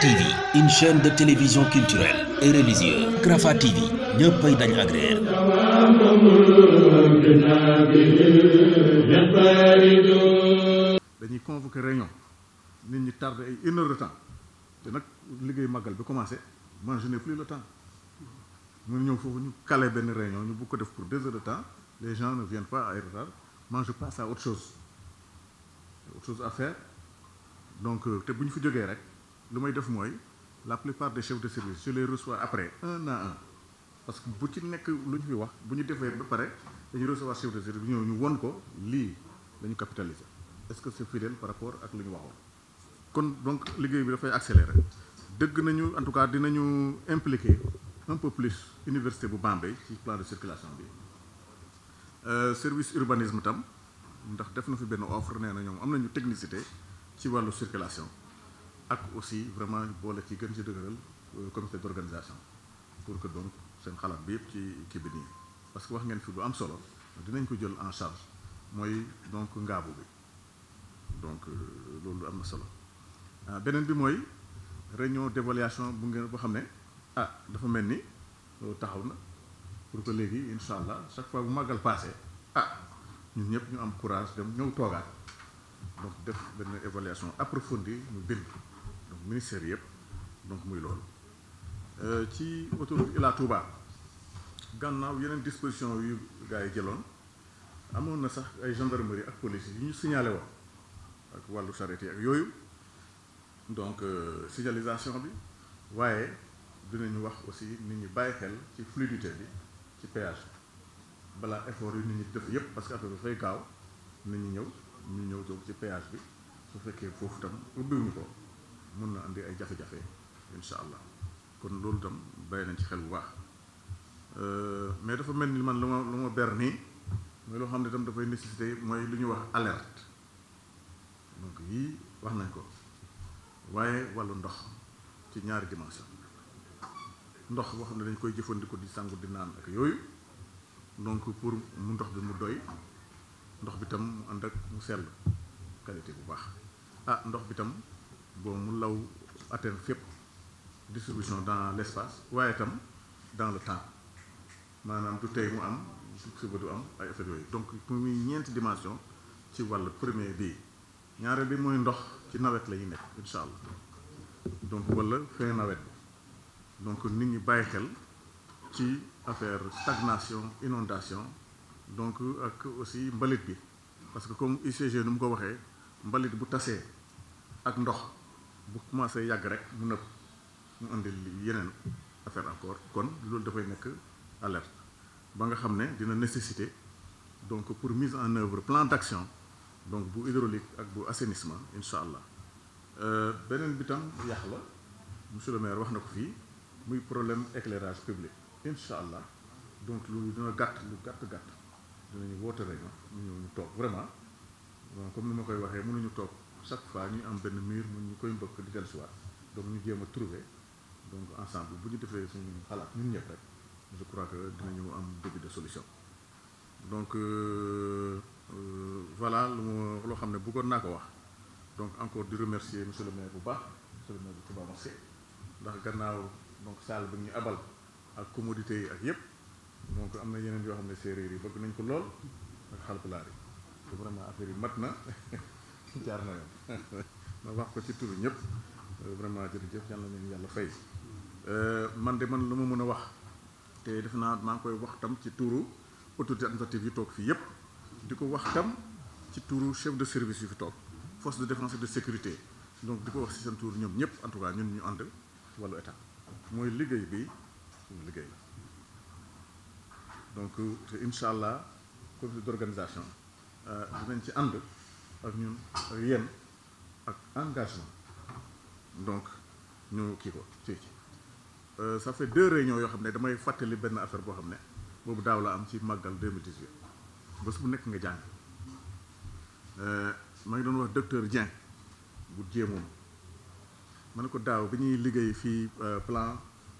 TV une chaîne de télévision culturelle et religieuse Rafah TV ñëppay dañ agréer dañuy convoquer réunion nit ñi tardé ay une heure de temps te nag liggéey màggal bi commencé moi je plus le temps mun ñëw foofu ñu calé benn réunion ñu bëgg ko def pour deux heures de temps les gens ne viennent pas à retard moi je passe à autre chose autre chose à faire donc euh, te bu ñu fi jógee rek lu may def mooy la plupart des de service je les reçois après un à un parce que bu ci nekk lu ñu fi wax bu ñu defee ba pare dañu recevoir chef de service bi ñëw ñu won ko lii dañu capitaliser est-ce que c'est fidèle par rapport ak lu ñu waxoon kon donc liggéey bi dafay accélérer dëgg nañu en tout cas dinañu impliquer un peu université bu Bambey ci plan de circulation bi euh, service urbanisme tam ndax def na fi benn offre nee ñoom am nañu technicité ci wàllu circulation ak aussi vraiment boole ci gën ci dëgëral euh, comité d'organisation pour que donc seen xalaat bi yëpp ci kii bi nii parce que wax ngeen fi lu am solo dinañ ko jël en charge mooy donc ngaabu bi donc euh, loolu am na solo ah, beneen bi mooy réunion d'évaluation bu ngeen boo xam ne ah dafa mel ni euh, taxaw na pour que léegi incha allah chaque fois bu màggal passé ah ñun ñëpp ñu am courage dem ñëw toogaat donc def benn évaluation approfondie mu bind ministère yëpp donc muy loolu euh, ci autoroute Ila Touba gànnaaw yeneen disposition yu gars yi jëloon amoon na sax ay gendarmerie ak police yu ñu signalé woon ak wàllu charrette ak yooyu donc euh, signalisation bi waaye ñu wax aussi nit ñu bàyyi xel ci fluidité bi ci péage balaa effort yu nit ñi dëf yëpp parce que affaire bi dafay gaaw nit ñi ñëw ñu ñëw donc ci péage bi su fekkee foofu tam ubbiwuñu ko. mun na andi ay jafe-jafe incha allah kon loolu tam bay nañ ci xel bu baax euh, mais dafa mel ni man lu ma lu ma ber nii mooy loo xam ne tam dafay nécessité mooy lu ñuy wax alerte donc yii wax nañ ko waaye wàllu ndox ci ñaari dimension ndox boo xam ne dañ koy jëfandikoo di sangu di naan ak yooyu donc pour mu ndox bi mu doy ndox bi tam mu ànd ak mu sell qualité bu baax ah ndox bi tam bon mu law atteindre fépp distribution dans l' espace waaye itam dans le temps maanaam du tey mu am du suba du am ay effet yooyu donc muy ñeenti dimension ci wàllu premier bi ñaareel bi mooy ndox ci nawet la nekk incha allah donc walla fin nawet bi donc nit ñi bàyyi xel ci affaire stagnation inondation donc ak aussi mbalit bi parce que comme UCG nu mu ko waxee mbalit bu tasee ak ndox bu commencé yàgg rek mu na mu indi li yeneen affaire encore kon loolu dafay nekk alerte ba nga xam ne dina nécessité donc pour mise en œuvre plan d'action donc bu hydraulique ak bu assainissement incha allah euh, beneen bi tam yàq la monsieur wax na ko fii muy problème éclairage public incha allah donc lu dina gàtt lu gàtt gàtt dinañu woote rek ñu ñu toog vraiment comme ni ma koy waxee mënuñu toog. chaque fois ñuy am benn mur mu ñu koy mbëkk di dellusiwaat donc ñu jéem a trouver donc ensemble bu ñu defee suñu xalaat ñun ñëpp rek je crois que ñu am début de solution donc euh, euh, voilà lu ma loo xam ne bëggoon naa ko wax donc encore di remercier monsieur le bu baax monsieur le maire bu Touba Mosquée ndax gannaaw donc salle bi ñu abal ak commodité yi ak yëpp donc am na yeneen yoo xam ne séeréer yi bëgg nañ ko lool ak xalpulaar yi vraiment affaire yi mat na jaar na ma wax ko ci turu ñëpp vraiment jërëjëf yàlla leen yàlla fay euh, man de man lu ma mën a wax te def naa maa ngi koy wax tam ci tour autorité administrative yi toog fii yëpp di ko wax tam ci tour chef de service yu fi toog force de défense de sécurité donc di ko wax si seen turu ñoom ñëpp en cas ñun ñu ànd wàllu état mooy liggéey bi suñu liggéey donc te incha allah comité d' organisation euh, dinañ ci ànd ak ñun ak yéen ak engagement donc ñu kii ko ci ci euh, ça fait deux réunions yoo xam ne damay fàttali benn affaire boo xam ne boobu daaw la am ci màggal 2018 bés bu nekk nga jàng euh, maa ngi doon wax docteur Dieng bu jéemoom ma ne ko daaw bi ñuy liggéey fii euh, plan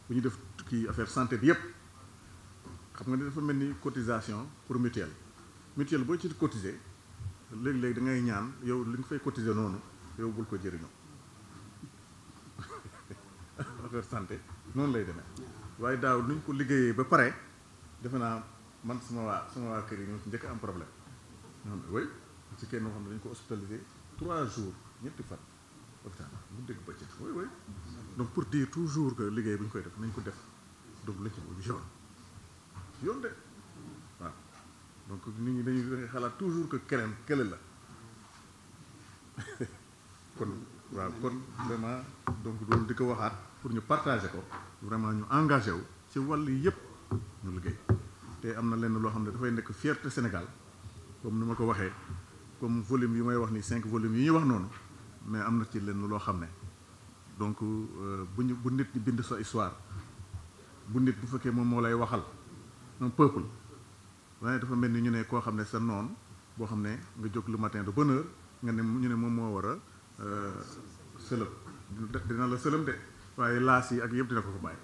bu ñu def kii affaire santé bi yépp xam nga ne dafa mel ni cotisation pour mutuelle mutuelle boo ci cotiser léeg-léeg da ngay ñaan yow li nga fay cotiser noonu yow bul ko jëriñoo affaire santé noonu lay demee waaye daaw nuñ ko liggéeyee ba pare defe naa man suma waa sama waa kër yi ñoo si njëkk am problème noonu si ci kenn moo xam ne dañ ko hospitalisé trois jours ñetti fan hôpital bu dégg bëccëg way way donc pour dire toujours que liggéey bu ñu koy def nañ ko def donc lañ ci yoon yoon de waaw donc nit ñi dañuy xalaat toujours que keneen kële la kon waaw kon vraiment donc loolu di ko waxaat pour ñu partager ko vraiment ñu engagé wu ci wàll yi yëpp ñu liggéey te am na lenn loo xam ne dafay nekk fierté Sénégal comme ni ma ko waxee comme volume yi may wax nii cinq volumes yi ñuy wax noonu mais am na ci lenn loo xam ne donc euh, bu nit ñi bind sa histoire bu nit bu fekkee moom moo lay waxal un peuple waaye dafa mel ni ñu ne koo xam ne sa noon boo xam ne nga jóg lu matin de bonne heure nga ne ñu ne moom moo war a euh, sëlëm dina la sëlëm de waaye laas yi ak yëpp dina ko ko bàyyi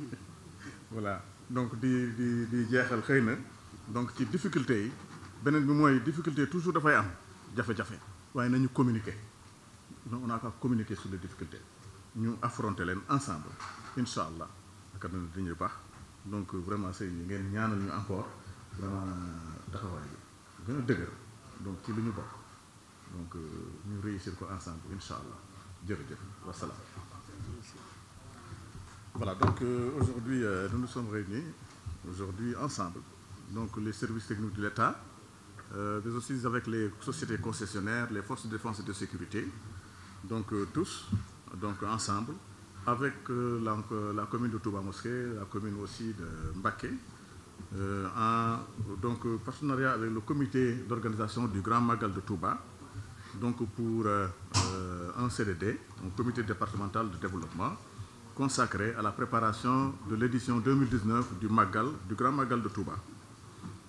voilà donc di di di jeexal xëy na donc ci difficulté yi beneen bi mooy difficulté toujours dafay am jafe-jafe waaye nañu communiquer on a qu'à communiquer sur les difficultés ñu affronter leen ensemble incha allah ak dana dañuy baax donc vraiment sëriñ bi ngeen ñaanal ñu encore vraiment taxawaay bi gën dëgër donc ci lu ñu bokk donc euh, ñu réussir ko ensemble incha allah jërëjëf wasalaam. voilà donc euh, aujourd'hui euh, nous nous sommes réunis aujourd'hui ensemble donc les services techniques de l'État mais aussi avec les sociétés concessionnaires les forces de défense et de sécurité donc tous donc ensemble. avec euh, la, euh, la, commune de Touba Mosquée, la commune aussi de Mbaké, en euh, donc, partenariat avec le comité d'organisation du Grand Magal de Touba, donc pour un CDD, un comité départemental de développement, consacré à la préparation de l'édition 2019 du Magal, du Grand Magal de Touba.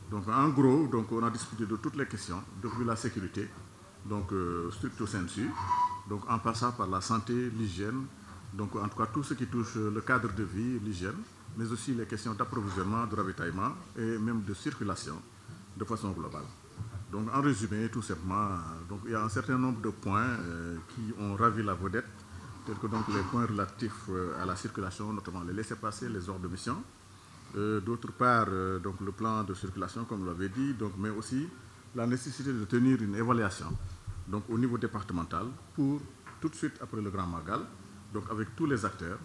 Donc en gros, donc, on a discuté de toutes les questions, depuis la sécurité, donc euh, stricto donc en passant par la santé, l'hygiène, Donc, en tout cas, tout ce qui touche euh, le cadre de vie, l'hygiène, mais aussi les questions d'approvisionnement, de ravitaillement et même de circulation de façon globale. Donc, en résumé, tout simplement, euh, donc, il y a un certain nombre de points euh, qui ont ravi la vedette, tels que donc, les points relatifs euh, à la circulation, notamment les laissés-passer, les ordres de mission. Euh, d'autre part, le plan de circulation, comme vous l'avez dit, mais aussi la nécessité de tenir une évaluation donc, au tout de suite le Grand Magal, donc avec tous les acteurs,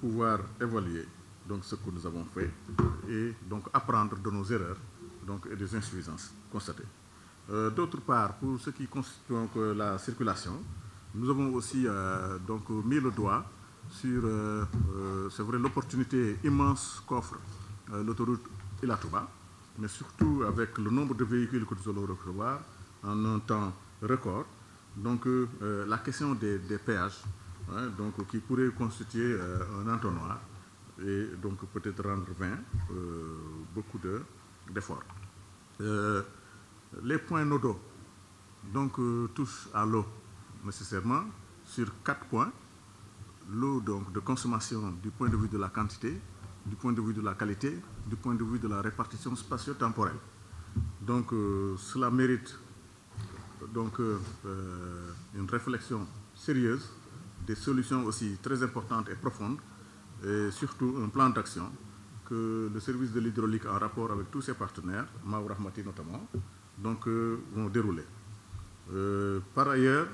pouvoir évaluer donc ce que nous avons fait et donc apprendre de nos erreurs donc, et des insuffisances constatées. Euh, D'autre part, pour ce qui constitue donc, euh, la circulation, nous avons aussi euh, donc, mis le doigt sur euh, euh c'est vrai l'opportunité immense qu'offre euh, l'autoroute Ilatouba, mais surtout avec le nombre de véhicules que nous allons recevoir en un temps record. Donc la question des, des péages hein, donc, qui pourrait constituer euh, un entonnoir et donc peut-être rendre vain euh, beaucoup d'efforts. De, euh, les points nodaux donc, touchent à l'eau nécessairement sur quatre points. L'eau donc de consommation du point de vue de la quantité, du point de vue de la qualité, du point de vue de la répartition spatio-temporelle. Donc euh, cela mérite donc euh, une réflexion sérieuse des solutions aussi très importantes et profondes, surtout un plan d'action que le service de l'hydraulique, en rapport avec tous ses partenaires, Maou Rahmati notamment, donc, euh, vont dérouler. Euh, par ailleurs,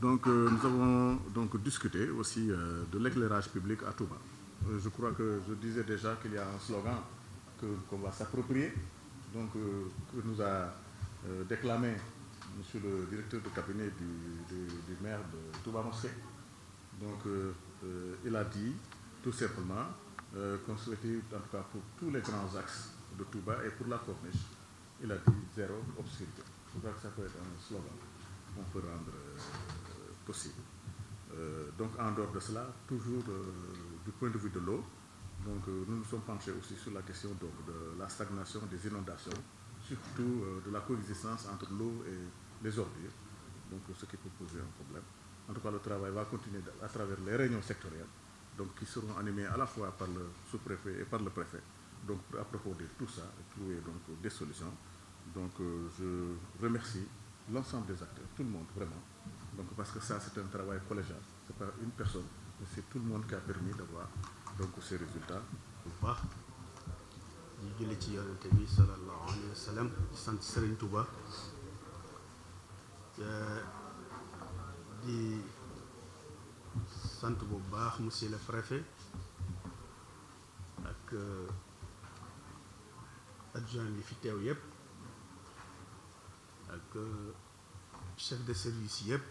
donc, euh, nous avons donc discuté aussi euh, de l'éclairage public à Touba. je crois que je disais déjà qu'il y a un slogan qu'on va s'approprier, donc que nous a déclamé Monsieur le directeur de cabinet du, maire de Touba Mosquée. Donc, euh, euh, il a dit tout simplement euh, qu'on souhaitait, en tout cas pour tous les grands axes de Touba et pour la corniche, il a dit zéro obscurité. Je crois que ça peut euh, euh, donc, en dehors de cela, toujours du point de vue de l'eau, donc, nous nous sommes penchés aussi sur la question donc, de la stagnation des inondations, surtout de la coexistence entre l'eau et les ordures, donc, ce qui peut poser un problème. En tout cas, le travail va continuer à travers les réunions sectorielles, donc qui seront animées à la fois par le sous-préfet par le préfet. Donc, à propos de tout ça, trouver donc des solutions. Donc, euh, je remercie l'ensemble des acteurs, tout le monde, vraiment. Donc, parce que ça, c'est un travail collégial. C'est pas une personne, mais c'est tout le monde qui a permis d'avoir donc ces résultats. bu baax di ci yonente bi sallallahu alayhi wa sallam sant Serigne di sant bu baax monsieur le préfet ak euh, adjoint yi fi teew yëpp ak euh, chef de service yëpp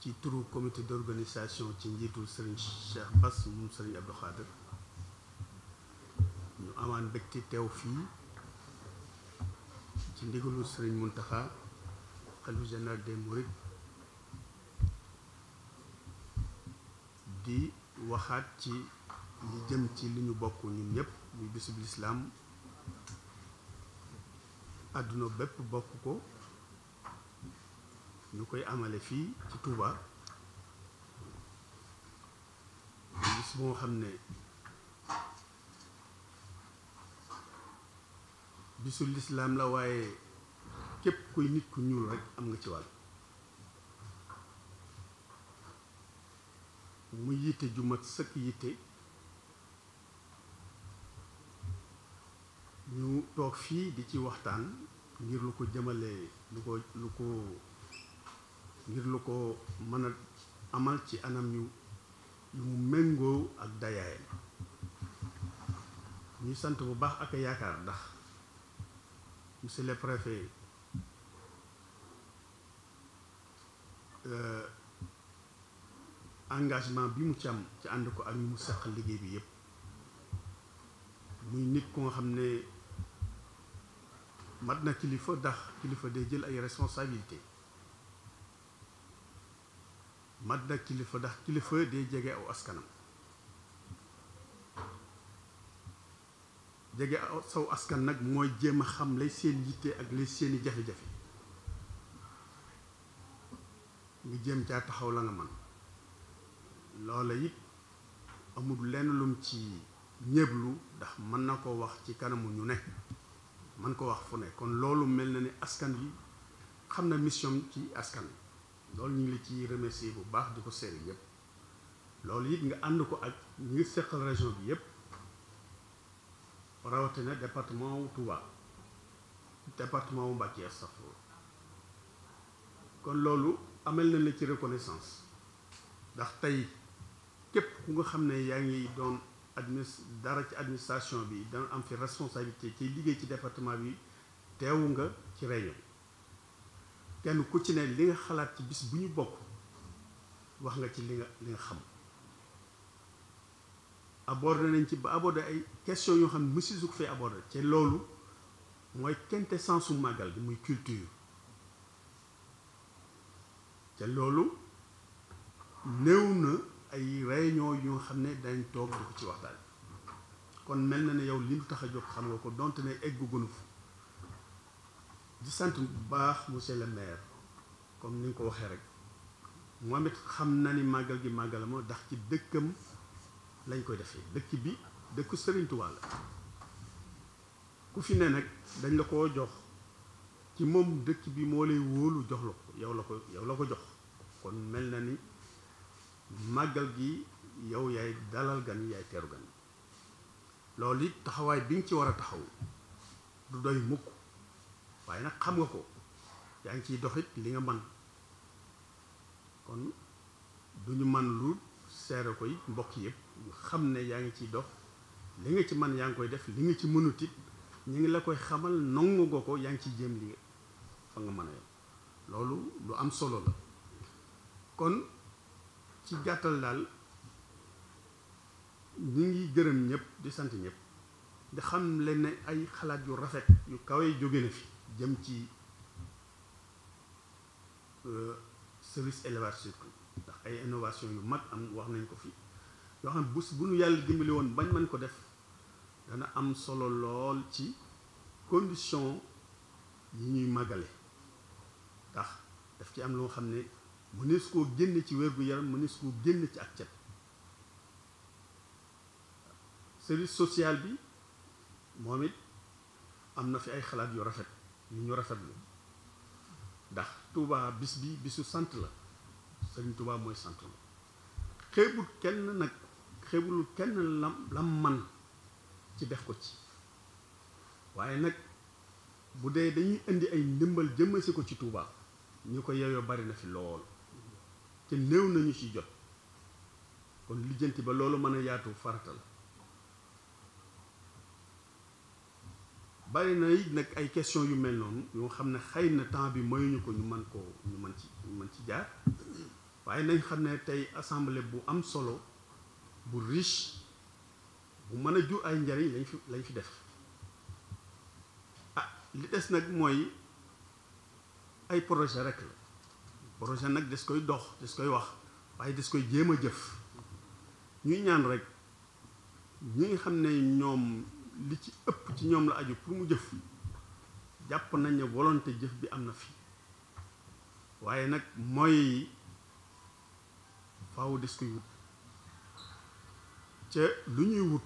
ci turu comité d'organisation ci njiitul Serigne Cheikh Bass moom Serigne Abdou Khader ñu amaan mbégte teew fii ci ndigalu Serigne Mountakha xalifa général des Mourides di waxaat ci li jëm ci li ñu bokk ñun ñëpp muy bisub lislaam àdduna bépp bokk ko ñu koy amale fii ci Touba bis moo xam ne bisu lislaam la waaye képp kuy nit ku ñuul rek am nga ci wàll mu yitte jumat mat sëkk yitte ñu toog fii di ci waxtaan ngir lu ko jëmale lu ko lu ko ngir lu ko mën a amal ci anam yu yu mu méngoo ak dayaayam ñuy sant bu baax ak a yaakaar ndax monsieur le préfet engagement bi mu ci am ci ànd ko ak ñu mu seq liggéey bi yëpp muy nit ku nga xam ne mat na kilifa ndax kilifa day jël ay responsabilité mat na kilifa ndax kilifa day jege aw askanam jege saw askan nag mooy jéem a xam lay seen yitte ak lay seeni jafe-jafe nga jéem caa taxaw la nga man loola it amul lenn lum ci ñéblu ndax mën na ko wax ci kanamu ñu ne mën ko wax fu ne kon loolu mel na ni askan bi xam na mission ci askan bi loolu ñu ngi li ci remercier bu baax di ko seere yépp loolu it nga ànd ko ak ñu ngi seqal région bi yépp rawatina département wu Touba département wu Mbacké safo kon loolu amel na la ci reconnaissance ndax tey képp ku nga xam ne yaa ngi doon administ dara ci administration bi dana am fi responsabilité ci liggéey ci département bi teewu nga ci réunion kenn ku ci ne li nga xalaat ci bis bu ñu bokk wax nga ci li nga li nga xam ne nañ ci ba abordé ay question yoo xam ne monsieur su ko fee abordé te loolu mooy quintessence su màggal bi muy culture te loolu néew na ay réunion yoo xam ne dañ toog di ci waxtaan kon mel na ne yow li mu tax a jóg xam nga ko donte ne eggu gunu fa di sant bu baax monsieur le maire comme ni nga ko waxee rek moom it xam na ni màggal gi màggal ma ndax ci dëkkam lañ koy defee dëkk bi dëkku Serigne ku fi ne nag dañ la ko jox ci moom dëkk bi moo lay wóolu jox la ko yow la ko la ko jox kon mel na ni. màggal gi yow yaay dalal gan yaay teeru gan loolu it taxawaay bi nga ci war a taxaw du doy mukk waaye nag xam nga ko yaa ngi ciy doxit li man kon du ñu lu seere koy mbokk yëpp xam ne yaa ngi ciy dox li nga ci man yaa ngi koy def li nga ci mënut it ñu ngi la koy xamal nongu nga ko yaa ngi ciy jéem li fa nga mën a yem loolu lu am solo la kon ci gàttal daal ñu ngi gërëm ñépp di sant ñëpp di xam leen ne ay xalaat yu rafet yu kawe jóge na fi jëm ci euh, service élevage surtout ndax ay innovation yu mag am wax nañ ko fi yoo xam ne bu nu yàlla dimbali woon bañ mën ko def dana am solo lool ci condition yi ñuy màggale ndax daf ci am loo xam ne mënees koo génne ci wér-gu-yaram mënees koo génne ci ak cet service social bi moom it am na fi ay xalaat yu rafet ñu ñu rafetlu ndax tuubaa bis bi bisu sant la Sëriñ Touba mooy sant la xeebul kenn kenn lam lam man ci def ko ci waaye nag bu dee dañuy indi ay ndimbal jëmmasi ko ci tuubaa ñu ko yeyoo bari na fi lool te néew nañu ci jot kon lijjanti ba loolu mën a yaatu faratal bari na it nag ay question yu mel noonu yoo xam ne xëy na temps bi mayuñu ko ñu mën koo ñu mën ci mën ci jaar waaye nañ xam ne tey assemblée bu am solo bu riche bu mën a jur ay njariñ lañ fi lañ fi def ah li des nag mooy ay projet rek la projet nag des koy dox des koy wax waaye des koy jéem a jëf ñuy ñaan rek ñi nga xam ne ñoom li ci ëpp ci ñoom la aju pour mu jëf jàpp nañ ne volonté jëf bi am na fi waaye nag mooy faaw des koy wut ca lu ñuy wut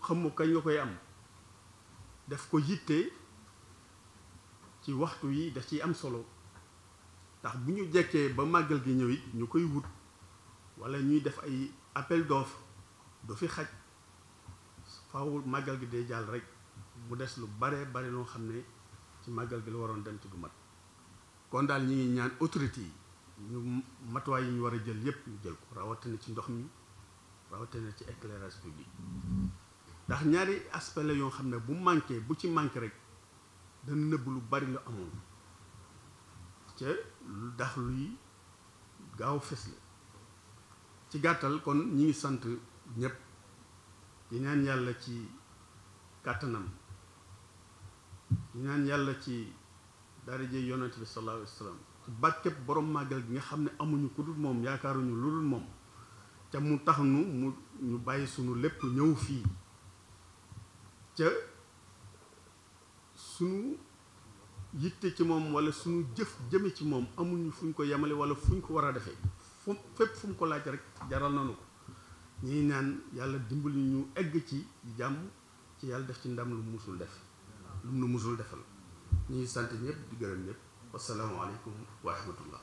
xamu kañ nga koy am def ko yitte ci waxtu yi daf ciy am solo ndax bu ñu jekkee ba màggal gi ñëw it ñu koy wut wala ñuy def ay appel d'offre du fi xaj faaw màggal gi day jàll rek mu des lu bare bare loo xam ne ci màggal gi la waroon dem ci du mat kon daal ñi ngi ñaan autorité yi ñu matuwaay yi ñu war a jël yépp ñu jël ko rawatina ci ndox mi rawatina ci éclairage public ndax ñaari aspect la yoo xam ne bu manqué bu ci manqué rek dana nëbb lu bari lu amoon ndax luy gaaw fes la ci gàttal kon ñi ngi sant ñépp di ñaan yàlla ci kàttanam di ñaan yàlla ci daraje yonent bi sallallahu alayhi wa sallam ci barkeb borom màggal gi nga xam ne amuñu ku moom yaakaaruñu lu dul moom te mu tax nu mu ñu bàyyi sunu lépp ñëw fii ca sunu yitte ci moom wala suñu jëf jëme ci moom amuñu fuñ ko yemale wala fuñ ko war a defee fu fépp fu ko laaj rek jaral nañu ko ñuy naan yàlla dimbali ñu egg ci jàmm ci yàlla def ci ndam lu mosul def lu mu nu musul defal ñuy sant ñëpp di gërëm ñépp wasalaamualeykum wa rahmatullah